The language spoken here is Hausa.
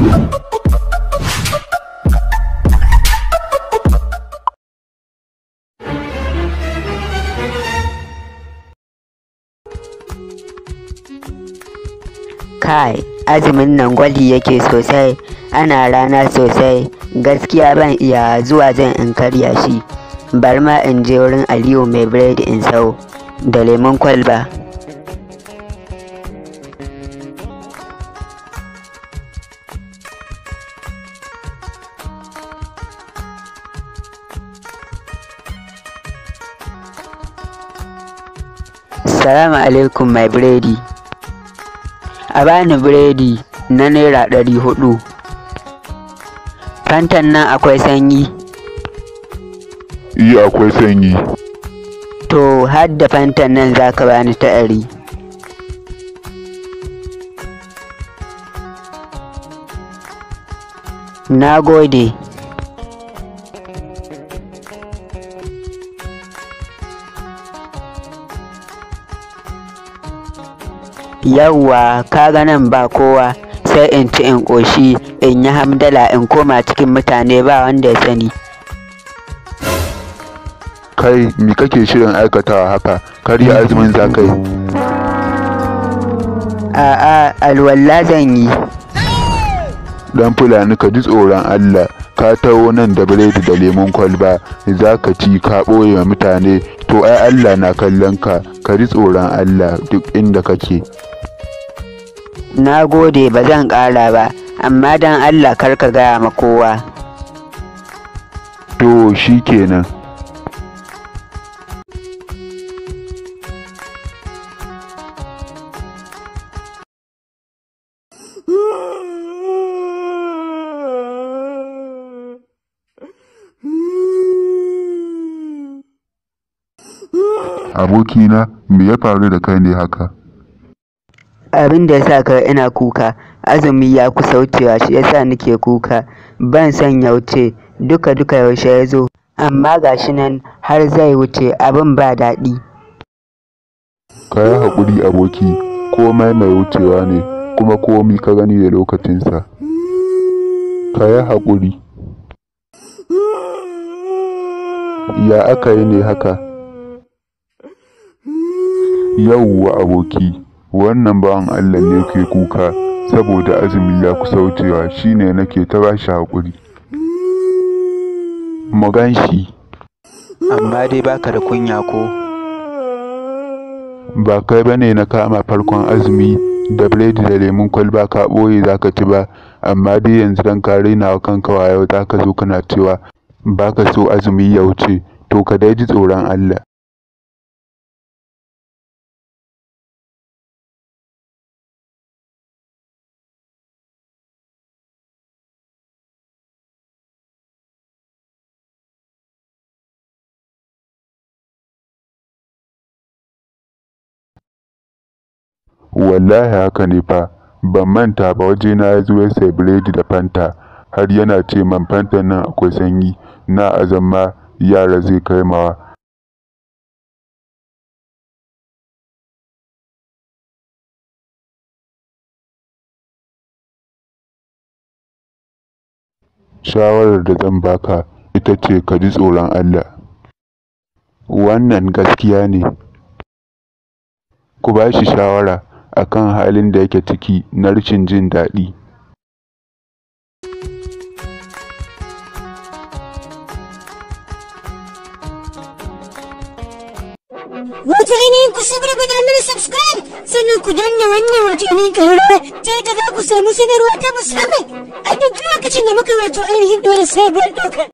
kai azumin nan gwali yake sosai ana rana sosai gaskiya ban iya zuwa zan in karya shi bar ma in je wurin aliyu mai biredi in sau da lemon kwalba Salamu alaikum my biredi. A bani biredi na naira ɗari huɗu. Fantan nan akwai sanyi? Yi eh, akwai sanyi. To har da fantan nan za ka bani ta ɗari. Na gode. Yawwa ka ga nan ba kowa, sai in ci in ƙoshi, in yi hamdala in koma cikin mutane ba wanda ya sani. Kai, me kake shirin aikatawa haka? kar yi azumin za ka yi. A'a, alwala zan yi. Dan Fulani ka ji tsoron Allah, ka taho nan da biredi da lemon kwalba, za ka ci ka ɓoye wa mutane, to ai Allah na kallon ka, ka ji tsoron Allah duk inda kake. Na gode ba zan ƙara ba, amma don Allah kar ka gaya ma kowa. To shi kenan. Abokina, me ya faru da kai ne haka? Abin da ya sa kaga ina kuka, azumi ya kusa wucewa shi ya sa nake kuka, ban son ya wuce, duka-duka yaushe ya zo, amma ga shi nan har zai wuce abin ba daɗi. Ka yi haƙuri aboki, komai mai wucewa ne, kuma komi ka gani da lokacinsa. Ka yi haƙuri. Ya aka yi ne haka? Yawwa aboki. wannan bawan Allah ne ke kuka saboda azumi ya kusa shine nake ta bashi haƙuri mu gan amma dai baka da kunya ko ba kai bane na kama farkon azumi da biredi da lemun kwalba ka ɓoye za ka ci ba amma dai yanzu dan ka raina wa kanka wayo za ka zo kana cewa ba ka so azumi ya wuce to ka dai ji tsoron Allah Wallahi haka ne fa, ban manta ba wajena ya zo ya sayi biredi da Fanta, har yana ce man Fantan nan akwai sanyi, na azan ma yara zai kai mawa. Shawarar da zan ba ka ita ce ka ji tsoron Allah. Wannan gaskiya ne. Ku ba shi shawara. a kan halin da yake ciki na rashin jin daɗi. Mutane ku sabrabada mana subscribe sannan ku danna wannan watanni kararrawa ta yadda ku samu sanarwa ta musamman a duk lokacin da muka wato ainihin dole sabuwar ɗaukar.